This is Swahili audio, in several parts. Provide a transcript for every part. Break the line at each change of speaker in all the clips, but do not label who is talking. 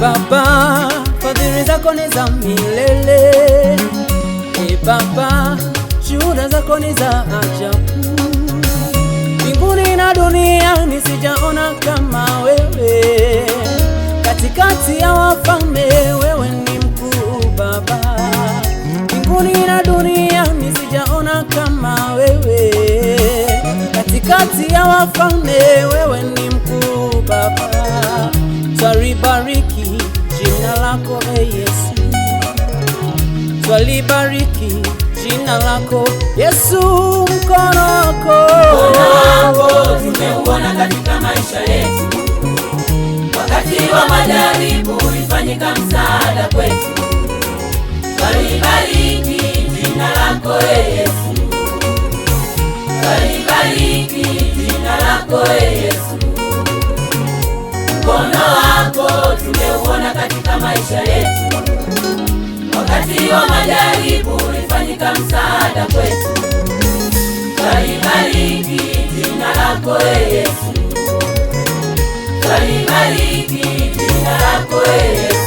Baba, fadhili zako ni za milele. E Baba, shuhuda zako ni za ajabu mbinguni na duniani sijaona kama wewe, katikati ya wafalme wewe ni mkuu Baba. Mbinguni na duniani sijaona kama wewe, katikati ya wafalme wewe ni mkuu Baba. Twalibariki jina lako e Yesu, twalibariki jina lako Yesu, mkono wako wako tumeuona katika maisha yetu. Wakati wa majaribu ulifanyika msaada kwetu. Tulibariki jina lako Yesu, tulibariki jina lako Yesu. Mkono wako tumeuona katika maisha yetu wakati wa majaribu katika msaada kwetu. Twalibariki jina lako Yesu, twalibariki jina lako Yesu.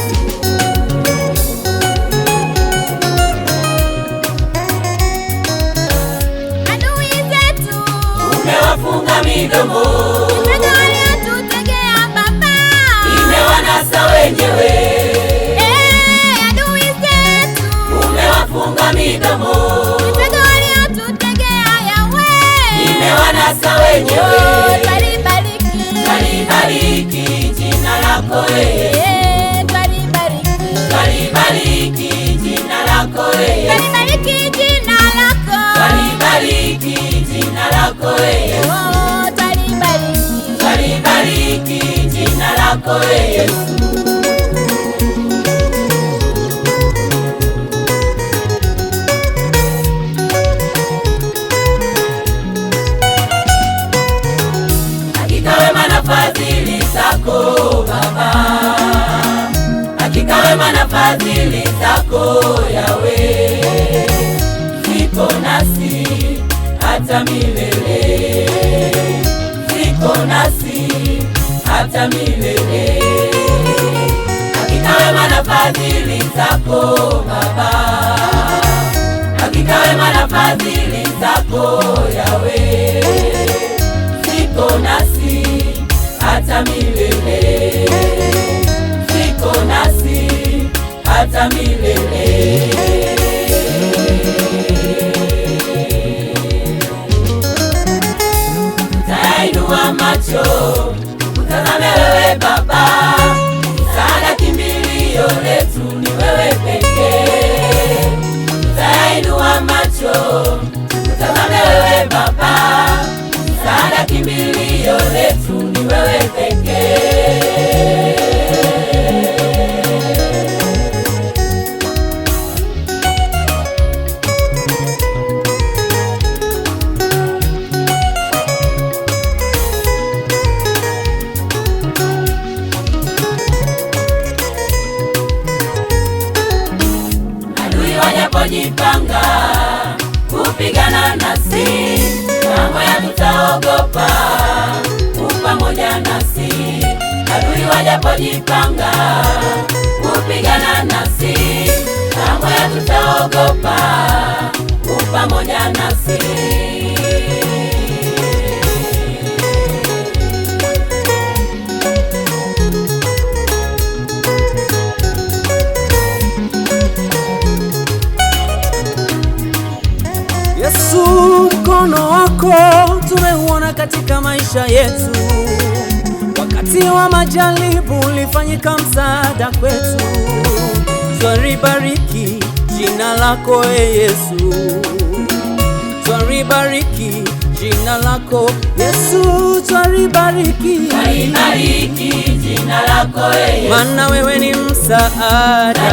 wenyewe, twalibariki jina lako wewe, twalibariki jina lako wewe,
twalibariki jina lako
wewe, twalibariki jina lako oh, wewe
Baba, hakika wema na fadhili zako Yawe ziko nasi hata milele, ziko nasi hata milele, hakika wema na fadhili zako Baba, hakika wema na fadhili zako Yawe ziko nasi hata milele, ziko nasi hata milele. Tainua macho tumejipanga kupigana nasi, mambo tutaogopa upamoja nasi. Adui wajapojipanga kupigana nasi, mambo tutaogopa upamoja nasi. Yesu, mkono wako tumeuona katika maisha yetu. Wakati wa majaribu ulifanyika msaada kwetu. Twalibariki jina lako e Yesu, twalibariki jina lako Yesu, twalibariki
jina lako e
Yesu, maana wewe ni msaada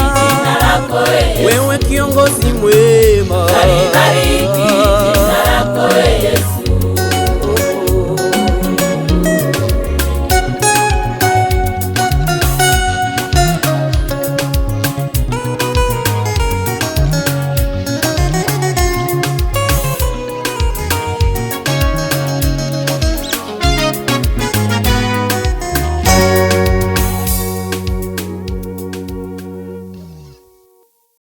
uwe kiongozi mwema.
Karibariki jina lako Yesu.